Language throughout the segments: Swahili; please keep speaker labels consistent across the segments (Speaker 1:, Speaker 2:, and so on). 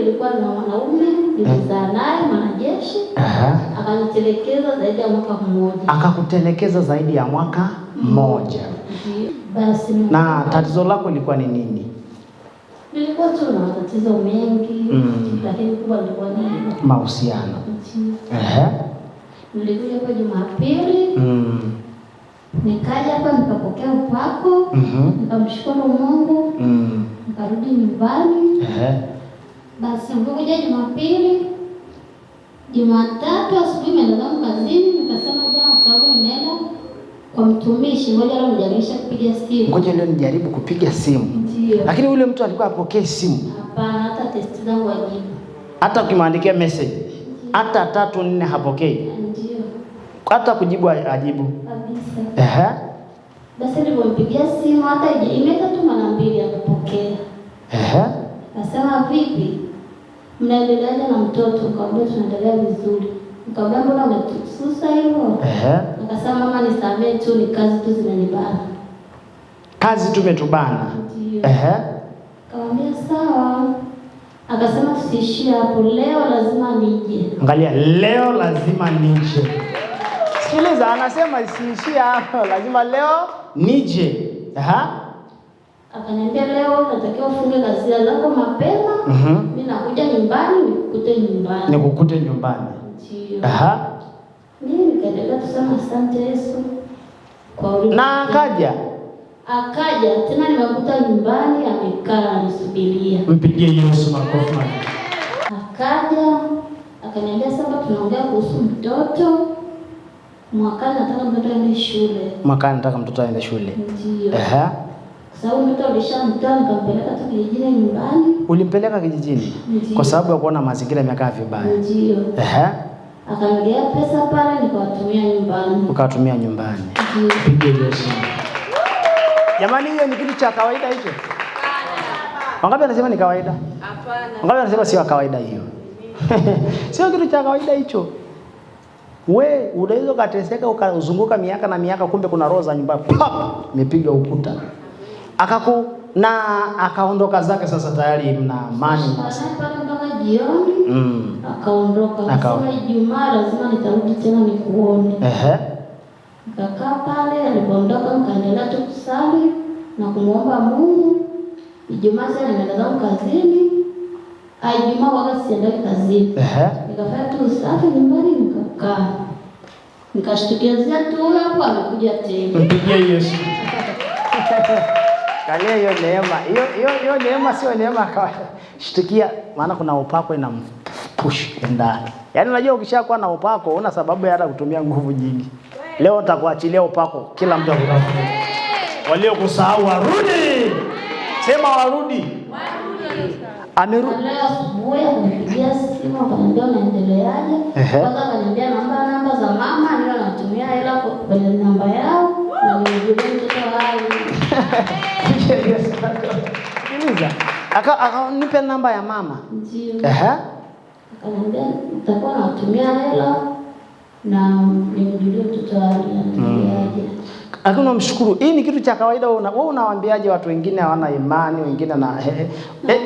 Speaker 1: nilikuwa na mwanaume nilizaa mm. naye mwanajeshi, akanitelekeza zaidi ya mwaka mmoja. Akakutelekeza
Speaker 2: zaidi ya mwaka mm. mmoja. Basi na tatizo lako lilikuwa ni nini?
Speaker 1: Nilikuwa tu na matatizo mengi, mm. lakini kubwa nilikuwa ni
Speaker 2: mahusiano. Ehe,
Speaker 1: nilikuja hapa Jumapili mm. Nikaja hapa nikapokea upako mm -hmm. Nikamshukuru Mungu mm. Nikarudi nyumbani. Basi nilikuja Jumapili, Jumatatu asubuhi nimeenda kazini, nikasema jana kwa sababu nimeenda kwa mtumishi, mmoja, leo nijaribisha kupiga simu.
Speaker 2: Ngoja ndio nijaribu kupiga simu. Ndiyo. Lakini yule mtu alikuwa apokee simu.
Speaker 1: Hapana, hata test zangu hajibu.
Speaker 2: Hata ukimwandikia message. Hata tatu nne hapokei. ndio Hata kujibu ajibu.
Speaker 1: Kabisa. Ehe. Basi nilipompigia simu hata imeta tu mara mbili akapokea. Ehe. Nasema vipi? mnaendeleaje na mtoto? Nikamwambia tunaendelea vizuri. Nikamwambia mbona umetususa hivyo? Ehe. Nikasema mama, nisamee tu, ni kazi tu zimenibana,
Speaker 2: kazi tumetubana. Ehe.
Speaker 1: Nikamwambia sawa. Akasema tusiishie hapo, leo lazima nije.
Speaker 2: Angalia, leo lazima nije. Sikiliza, anasema isiishie hapo, lazima leo nije. Aha.
Speaker 1: Akaniambia leo natakiwa ufunge kazi zako mapema. Mm -hmm. Mimi nakuja nyumbani nikukute nyumbani.
Speaker 2: Nikukute nyumbani. Ndio. Aha.
Speaker 1: Mimi nikaendelea kusema asante Yesu.
Speaker 2: Kwa ulipo. Na akaja.
Speaker 1: Akaja tena nimekuta nyumbani amekaa anisubiria.
Speaker 2: Mpigie Yesu makofi
Speaker 1: Akaja akaniambia sasa tunaongea kuhusu mtoto. Mwakani nataka mtoto aende shule.
Speaker 2: Mwakani nataka mtoto aende shule. Ndio. Aha
Speaker 1: sababu mtoto ulishamtoa nikampeleka tu kijijini nyumbani.
Speaker 2: Ulimpeleka kijijini kwa sababu ya kuona mazingira yamekaa vibaya? Ndio. Ehe.
Speaker 1: Akanigea pesa pale nikawatumia nyumbani.
Speaker 2: Ukawatumia nyumbani.
Speaker 1: Pige Yesu.
Speaker 2: Jamani hiyo ni kitu cha kawaida hicho? Wangapi anasema ni kawaida? Hapana. Wangapi anasema sio kawaida hiyo? Sio kitu cha kawaida hicho. We unaweza ukateseka ukazunguka miaka na miaka, kumbe kuna roho za nyumbani pap, imepiga ukuta akaku na akaondoka zake. Sasa tayari mna amani
Speaker 1: mpaka mm. Akaondoka akasema, Ijumaa lazima nitarudi tena nikuone. Ehe, nikakaa pale, alipoondoka nikaendelea tu kusali na kumwomba Mungu. Ijumaa sasa nimeenda zangu kazini, ah, Ijumaa wala siendae kazini. Ehe, nikafanya tu usafi nyumbani, nikakaa nikashtukia zetu hapo, amekuja tena.
Speaker 2: Mpigie Yesu. Kale hiyo neema. Hiyo hiyo hiyo neema sio neema shtukia maana kuna upako ina push ndani. Yaani unajua ukishakuwa na upako una sababu ya hata kutumia nguvu nyingi. Leo nitakuachilia upako kila mtu akutafute. Walio kusahau warudi. Sema warudi.
Speaker 1: Warudi.
Speaker 2: Ameru aka akanipa namba ya mama
Speaker 1: Ndio. Akamwambia nitakuwa natumia hela na nimjulie mtoto wake anaendeleaje. Hmm.
Speaker 2: Lakini unamshukuru. Hii ni kitu cha kawaida. Wewe unawaambiaje watu wengine hawana imani, wengine na eh,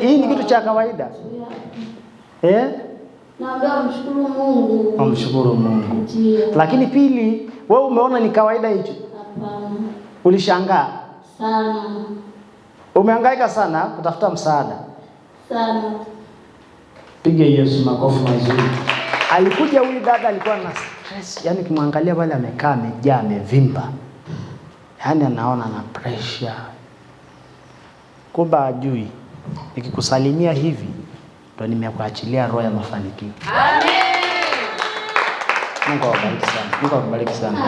Speaker 2: hii ni kitu cha kawaida eh?
Speaker 1: Naomba mshukuru Mungu.
Speaker 2: Namshukuru Mungu. Ndio. Lakini pili, wewe umeona ni kawaida hicho? Hapana. Ulishangaa sana. Umehangaika sana kutafuta msaada sana. Pige Yesu makofi mazuri. Alikuja huyu dada alikuwa na stress, yani kimwangalia pale amekaa amejaa amevimba, yaani anaona na pressure, kumbe ajui. Nikikusalimia hivi ndo nimekuachilia roho ya mafanikio. Amen. Mungu awabariki sana. Mungu awabariki sana.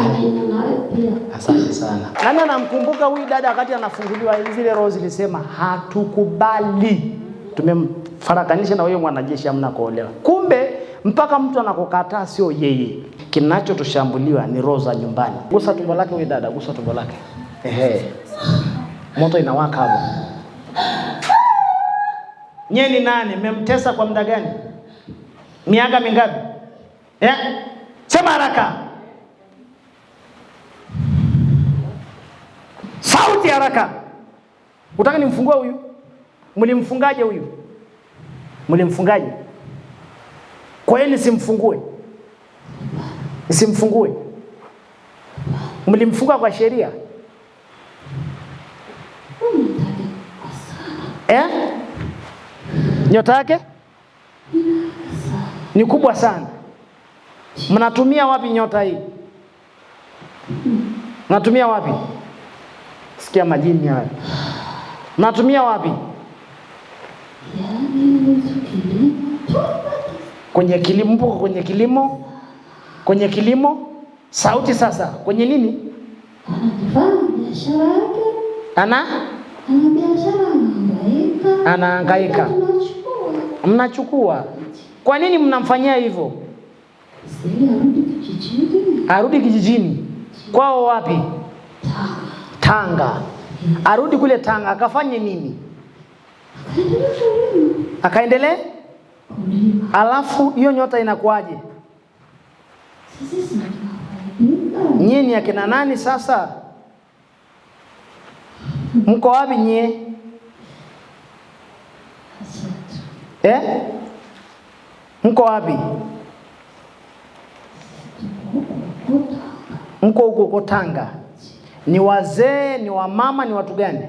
Speaker 2: Asante sana. Nani anamkumbuka huyu dada wakati anafunguliwa zile roho zilisema hatukubali. Tumemfarakanisha na wewe mwanajeshi amna kuolewa. Kumbe mpaka mtu anakukataa sio yeye. Kinachotushambuliwa ni roho za nyumbani. Gusa tumbo lake huyu dada, gusa tumbo lake. Ehe. Moto inawaka hapo. Nyie ni nani? Mmemtesa kwa muda gani? Miaka mingapi? Eh? Sema haraka, sauti haraka. Utaka nimfungue huyu? Mlimfungaje huyu? Mlimfungaje? Kwa hiyo nisimfungue? simfungue Mlimfunga kwa sheria eh? Nyota yake ni kubwa sana Mnatumia wapi nyota hii? Mnatumia wapi? Sikia majini hayo. Mnatumia wapi? Kwenye kilimo, mpo kwenye kilimo, kwenye kilimo. Sauti sasa kwenye nini? Ana anaangaika, mnachukua. Kwa nini mnamfanyia hivyo? arudi kijijini kwao, wapi? Tanga. Hmm. Arudi kule Tanga akafanye nini? Akaendelee. Alafu hiyo nyota inakuwaje? Nyie ni akina nani sasa? Mko wapi nyie? Eh? Mko wapi? mko huko huko Tanga, ni wazee, ni wamama, ni watu gani?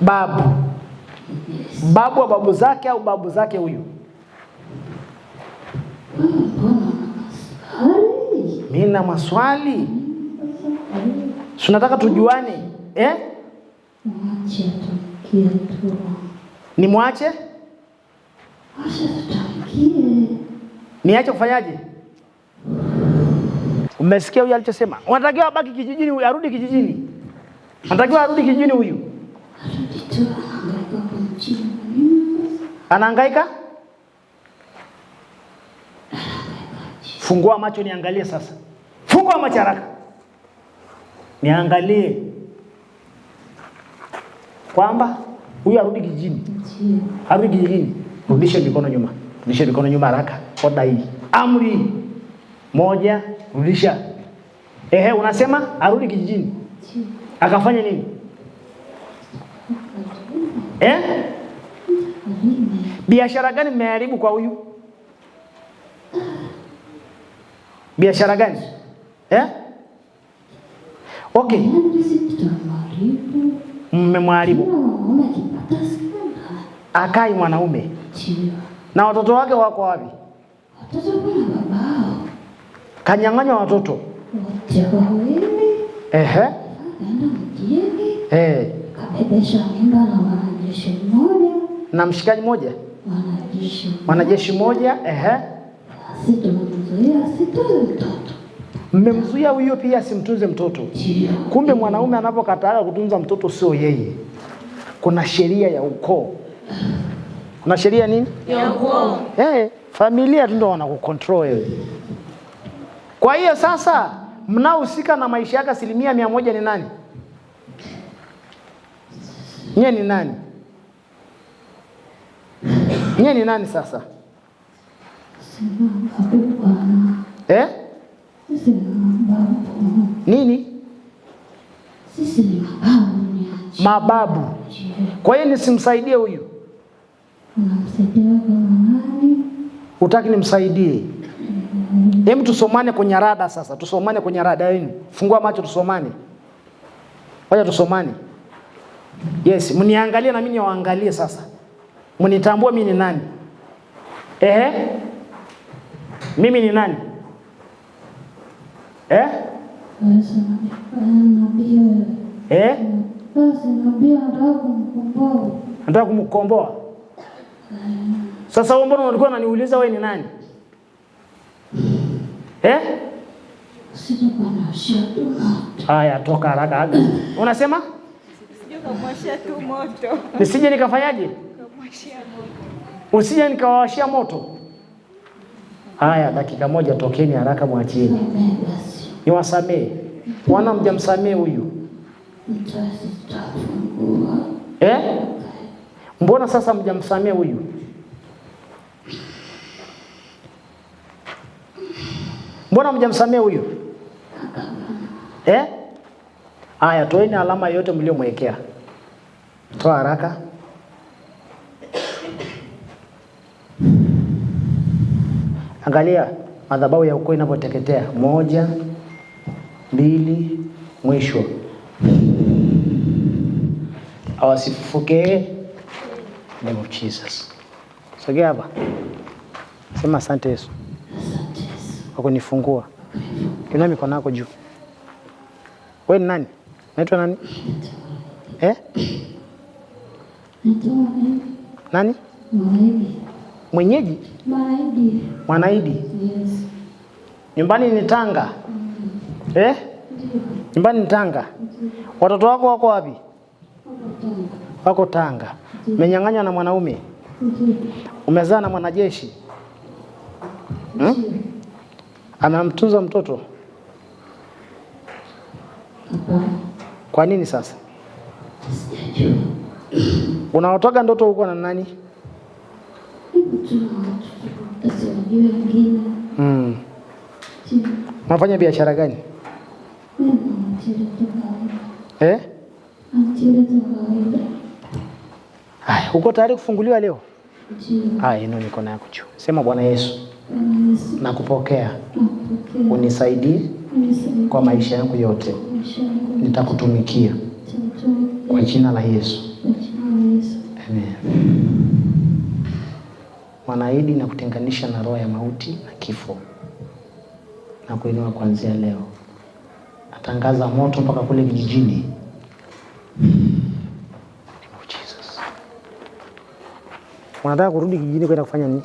Speaker 2: Babu, babu wa babu zake au babu zake huyu? Mimi na maswali, tunataka tujuane eh? mwache niache kufanyaje? Umesikia huyu alichosema? anatakiwa abaki kijijini, arudi kijijini, anatakiwa arudi kijijini. Huyu anahangaika. Fungua macho niangalie sasa, fungua macho haraka niangalie kwamba huyu arudi kijijini, arudi kijijini. Rudishe mikono nyuma, rudishe mikono nyuma haraka. Oda hii, amri moja, rudisha. Ehe, unasema arudi kijijini akafanya nini? Eh? Biashara gani mmeharibu kwa huyu? Biashara gani? Eh? Okay. Mmemharibu. Akai mwanaume na watoto wake wako wapi?
Speaker 1: Watoto wa baba
Speaker 2: kanyang'anywa watoto ehe, Ehe. na mshikaji moja mwanajeshi moja ehe, mmemzuia huyo pia asimtunze mtoto. Kumbe mwanaume anapokataa kutunza mtoto sio yeye, kuna sheria ya ukoo kuna sheria nini
Speaker 1: ya ukoo.
Speaker 2: Eh, familia ndio wanakukontrol wewe. Kwa hiyo sasa mnaohusika na maisha yake asilimia mia moja ni nani? Nye ni nani? Nye ni nani sasa eh? Nini? Mababu. Kwa hiyo nisimsaidie huyu? Utaki nimsaidie? Hem, tusomane kwenye rada sasa, tusomane kwenye rada yenu. Fungua macho tusomane. Wacha tusomane. Yes, mniangalie na mimi niwaangalie sasa. Mnitambue mimi ni nani? Ehe? Mimi ni nani? Eh? Eh? Nataka kumkomboa. Sasa wewe mbona unalikuwa unaniuliza wewe ni nani? Eh? Haya, toka haraka aga. Unasema? Nisije nikafanyaje? Usije nikawawashia moto. Haya, dakika moja, tokeni haraka, mwachieni niwasamee. Wana mjamsamee huyu eh? Mbona sasa mjamsamee huyu? Mbona mjamsamee huyu eh? Aya, toeni alama yote mliomwekea. Toa haraka. Angalia madhabahu ya ukoo inapoteketea. Moja, mbili, mwisho awasifuke Name of Jesus. Sogea hapa, sema asante Yesu kwa kunifungua. Inua mikono yako juu. Wewe ni nani? Naitwa nani? Eh? eh? Nani? Mwenyeji?
Speaker 1: Mwanaidi. Mwanaidi. Yes.
Speaker 2: Nyumbani ni Tanga. Mm-hmm. Eh? Nyumbani ni Tanga. Mm-hmm. Watoto wako wako wapi? Wako Tanga. Mm-hmm. Umenyang'anywa na mwanaume? Umezaa na mwanajeshi? Hmm? anamtunza mtoto? Kwa nini sasa? Unaotoka ndoto huko na nani? Mm. Unafanya biashara gani? Eh? uko tayari kufunguliwa leo? Hai, ino niko nayo kuchu. Sema Bwana Yesu. Nakupokea. Mm. unisaidie kwa maisha yangu yote, nitakutumikia kwa jina la Yesu,
Speaker 1: amen.
Speaker 2: Mwanaahidi na kutenganisha na roho ya mauti na kifo na kuinua kuanzia leo, atangaza moto mpaka kule vijijini. Unataka kurudi kijijini kwenda kufanya nini?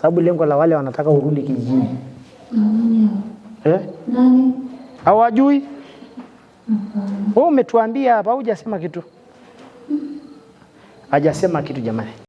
Speaker 2: sababu lengo la wale wanataka urudi kijijini
Speaker 1: mm.
Speaker 2: eh? Hawajui wewe umetuambia hapa, hujasema kitu, mm. hajasema kitu jamani.